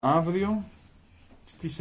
αύριο στις